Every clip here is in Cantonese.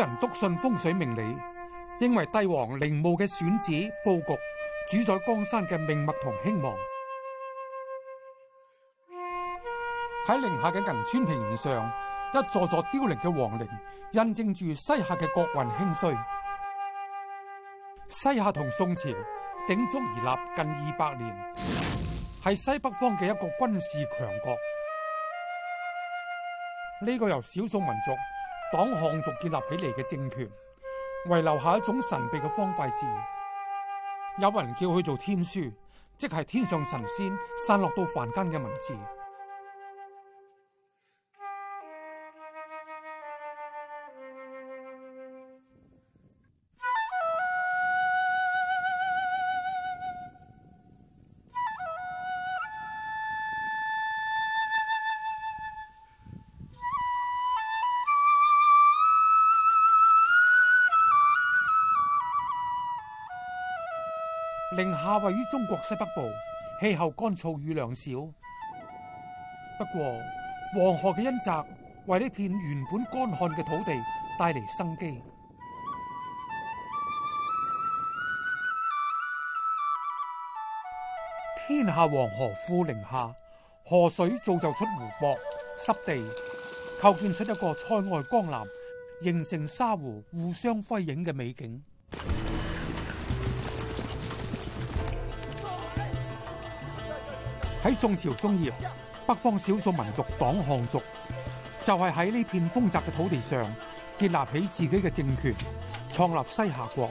人篤信風水命理，認為帝王陵墓嘅選址、布局主宰江山嘅命脈同興亡。喺寧夏嘅銀川平原上，一座座凋零嘅皇陵，印證住西夏嘅國運興衰。西夏同宋朝鼎足而立近二百年，係西北方嘅一個軍事強國。呢、這個由少數民族，黨項族建立起嚟嘅政權，遺留下一種神秘嘅方塊字，有人叫佢做天書，即係天上神仙散落到凡間嘅文字。寧夏位於中國西北部，氣候乾燥，雨量少。不過黃河嘅恩澤為呢片原本乾旱嘅土地帶嚟生機。天下黃河富寧夏，河水造就出湖泊、濕地，構建出一個塞外江南，形成沙湖互相輝映嘅美景。喺宋朝中葉，北方少數民族黨項族就係喺呢片豐澤嘅土地上，建立起自己嘅政權，創立西夏國，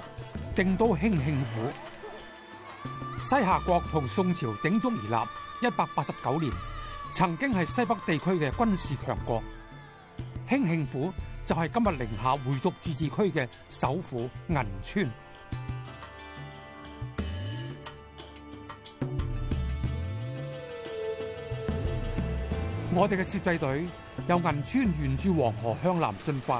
定都興慶府。西夏國同宋朝鼎足而立，一百八十九年，曾經係西北地區嘅軍事強國。興慶府就係今日寧夏回族自治區嘅首府銀川。我哋嘅攝製隊由銀川沿住黃河向南進發，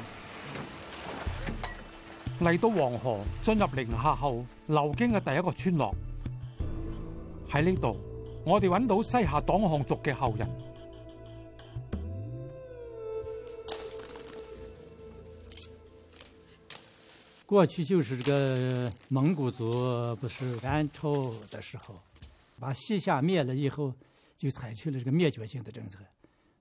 嚟到黃河進入寧夏後，流經嘅第一個村落喺呢度。我哋揾到西夏黨項族嘅後人。過去就是這個蒙古族，不是元朝的時候，把西夏滅了以後，就採取了這個滅絕性的政策。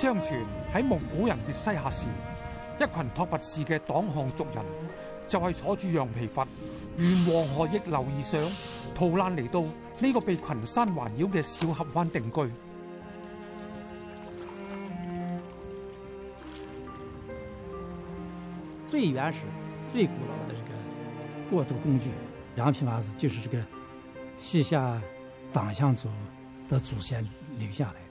相傳喺蒙古人滅西夏時，一群拓跋氏嘅黨項族人就係坐住羊皮筏，沿黃河逆流而上，逃難嚟到呢個被群山環繞嘅小峽灣定居。最原始、最古老嘅這個過渡工具，羊皮筏子就是這個西夏黨項族的祖先留下來。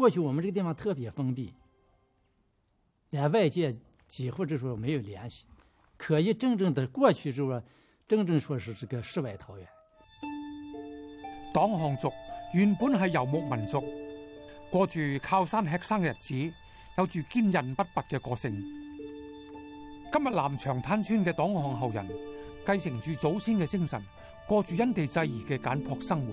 過去我們這個地方特別封閉，連外界幾乎就說沒有聯繫，可以真正的過去之後，真正說是這個世外桃源。黨項族原本係游牧民族，過住靠山吃山嘅日子，有住堅韌不拔嘅個性。今日南長灘村嘅黨項後人，繼承住祖先嘅精神，過住因地制宜嘅簡樸生活。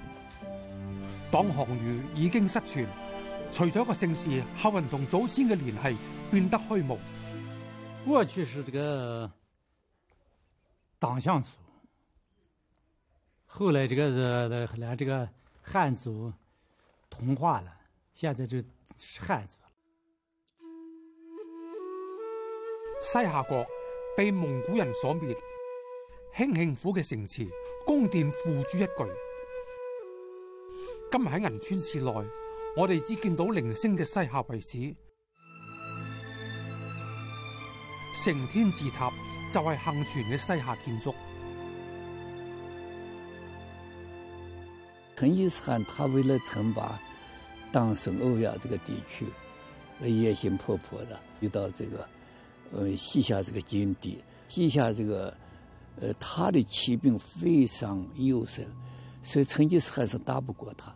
黨項語已經失傳，除咗個姓氏，後人同祖先嘅聯繫變得虛無。過去是這個黨項族後來這個是來、這個、這個漢族同化了，現在就是漢族。西夏國被蒙古人所滅，興慶，慶府嘅城池、宮殿付諸一炬。今日喺銀川市內，我哋只見到零星嘅西夏遺址，承天寺塔就係、是、幸存嘅西夏建築。成吉思汗他為了懲罰當時歐亞這個地區，野心勃勃的，遇到這個，嗯西夏這個金地，西夏這個，呃他的騎兵非常優勝，所以成吉思汗是打不過他。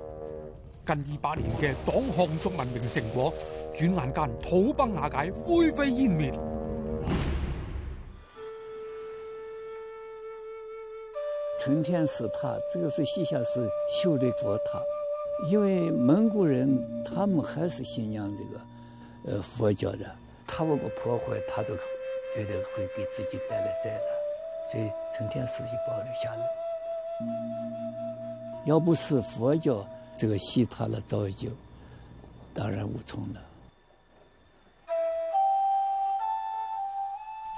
近二百年的黨項族文明成果，轉眼間土崩瓦解，灰飛煙滅。承天寺塔，這個是西夏時修的佛塔，因為蒙古人他們還是信仰這個，呃佛教的，他如果破壞，他都覺得會給自己帶來災難，所以承天寺就保留下來。要不是佛教，這個戲，呢早已經蕩然無從了。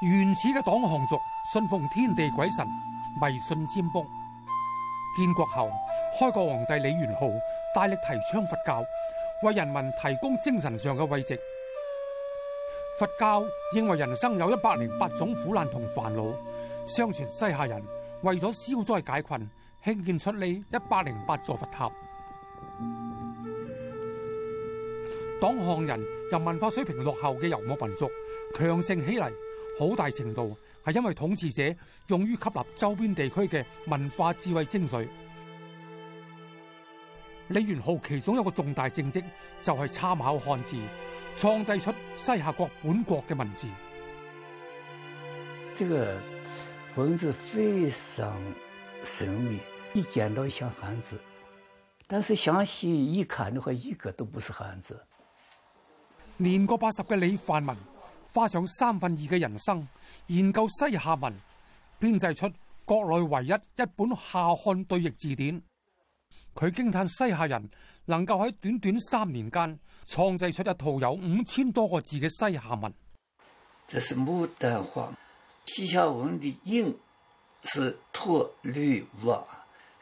原始嘅黨項族信奉天地鬼神，迷信占卜。建國後，開國皇帝李元昊大力提倡佛教，為人民提供精神上嘅慰藉。佛教認為人生有一百零八種苦難同煩惱。相傳西夏人為咗消災解困，興建出嚟一百零八座佛塔。黨項人由文化水平落後嘅遊牧民族，強盛起嚟好大程度係因為統治者勇於吸納周邊地區嘅文化智慧精髓。李元昊其中一個重大政績就係參考漢字，創制出西夏國本國嘅文字。這個文字非常神秘，一見到一像漢字。但是詳細一看都係一個都不是漢字。年過八十嘅李范文花上三分二嘅人生研究西夏文，編製出國內唯一一本夏漢對譯字典。佢驚歎西夏人能夠喺短短三年間創製出一套有五千多個字嘅西夏文。這是牡丹花。西夏文嘅音是托呂兀。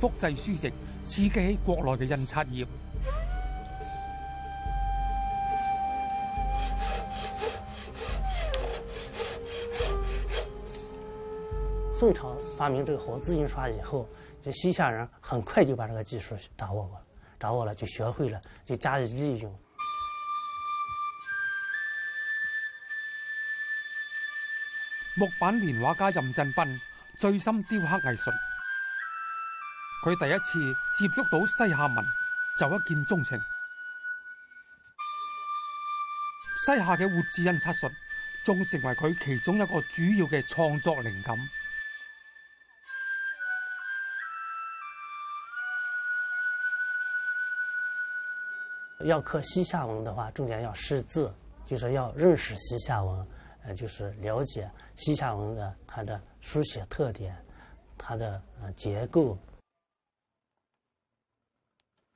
複製書籍，刺激起國內嘅印刷業。宋朝發明這個活字印刷以後，就西夏人很快就把這個技術掌握過，掌握了就學會了，就加以利用。木版年畫家任振斌醉心雕刻藝術。佢第一次接觸到西夏文就一見鍾情。西夏嘅活字印刷術仲成為佢其中一個主要嘅創作靈感。要刻西夏文嘅話，重點要識字，就是要認識西夏文，就是了解西夏文嘅，佢嘅書寫特點，佢嘅啊結構。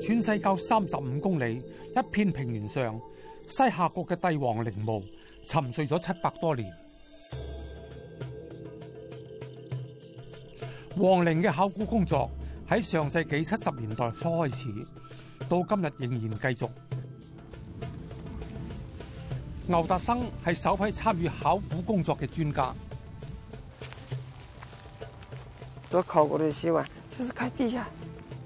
銀川西郊三十五公里一片平原上，西夏國嘅帝王陵墓沉睡咗七百多年。王陵嘅考古工作喺上世紀七十年代初開始，到今日仍然繼續。嗯、牛達生係首批參與考古工作嘅專家。做考古嘅習慣，就是看地下。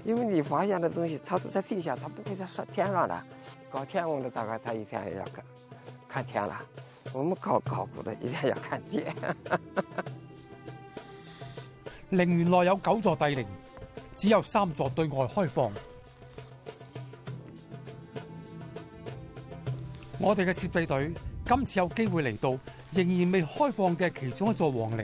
因為你發現的東西，它都在地下，它不會在上天上的。搞天文的大概他一天也要看，看天了。我們搞考古的，一天要看天。陵園內有九座帝陵，只有三座對外開放。 我哋嘅攝製隊今次有機會嚟到，仍然未開放嘅其中一座皇陵。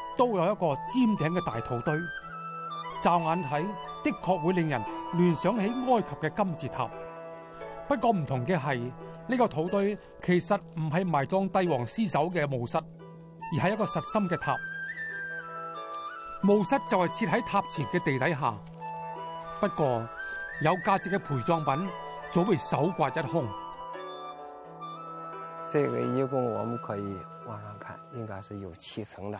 都有一個尖頂嘅大土堆，乍眼睇的確會令人聯想起埃及嘅金字塔。不過唔同嘅係，呢個土堆其實唔係埋葬帝王屍首嘅墓室，而係一個實心嘅塔。墓室就係設喺塔前嘅地底下。不過有價值嘅陪葬品早被搜刮一空。這個一共我們可以往上看，應該是有七層的。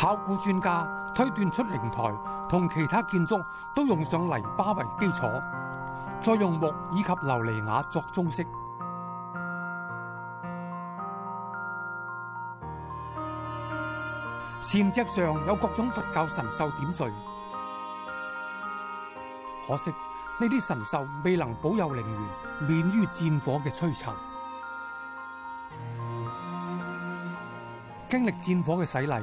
考古專家推斷出靈臺同其他建築都用上泥巴為基礎，再用木以及琉璃瓦作裝飾。檐脊上有各種佛教神獸點綴，可惜呢啲神獸未能保佑陵園免於戰火嘅摧殘，經歷戰火嘅洗禮。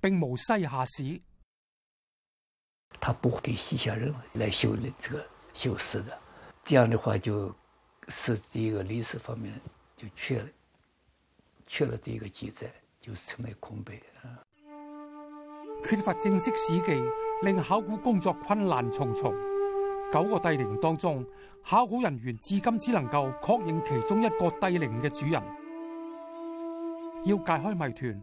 並無西夏史，他不會西夏人來修呢，這個修史的，這樣的話就是呢個歷史方面就缺，缺了呢個記載，就成為空白。缺乏正式史記，令考古工作困難重重。九個帝陵當中，考古人員至今只能夠確認其中一個帝陵嘅主人，要解開謎團，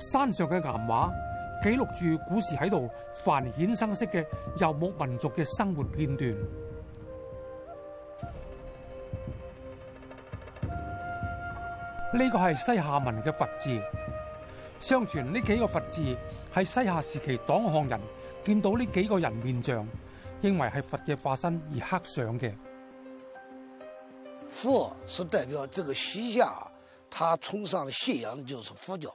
山上嘅岩畫記錄住古時喺度繁衍生息嘅遊牧民族嘅生活片段。呢個係西夏文嘅佛字。相傳呢幾個佛字係西夏時期黨項人見到呢幾個人面像，認為係佛嘅化身而刻上嘅。佛是代表這個西夏，他崇尚嘅信仰就是佛教。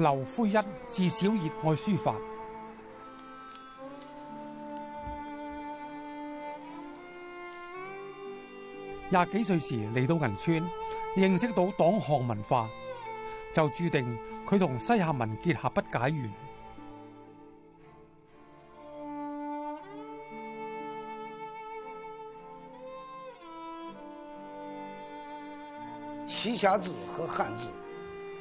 劉灰一自小熱愛書法。廿幾歲時嚟到銀川，認識到黨項文化，就注定佢同西夏文結下不解緣。西夏字和漢字。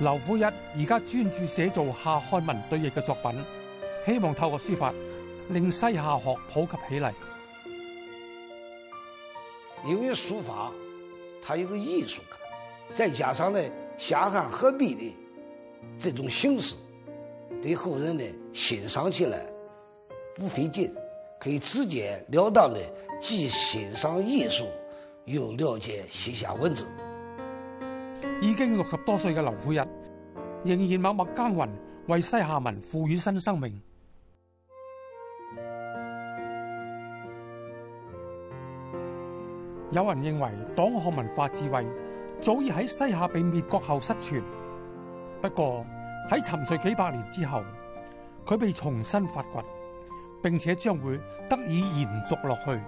劉夫一而家專注寫作夏漢文對譯的作品，希望透過書法令西夏學普及起來。因為書法，它有個藝術感，再加上呢夏漢合璧的這種形式，對後人呢欣賞起來不費勁，可以直接了當的既欣賞藝術又了解西夏文字。已經六十多歲嘅劉富日，仍然默默耕耘，為西夏文賦予新生命。有人認為，黨項文化智慧早已喺西夏被滅國後失傳。不過喺沉睡幾百年之後，佢被重新發掘，並且將會得以延續落去。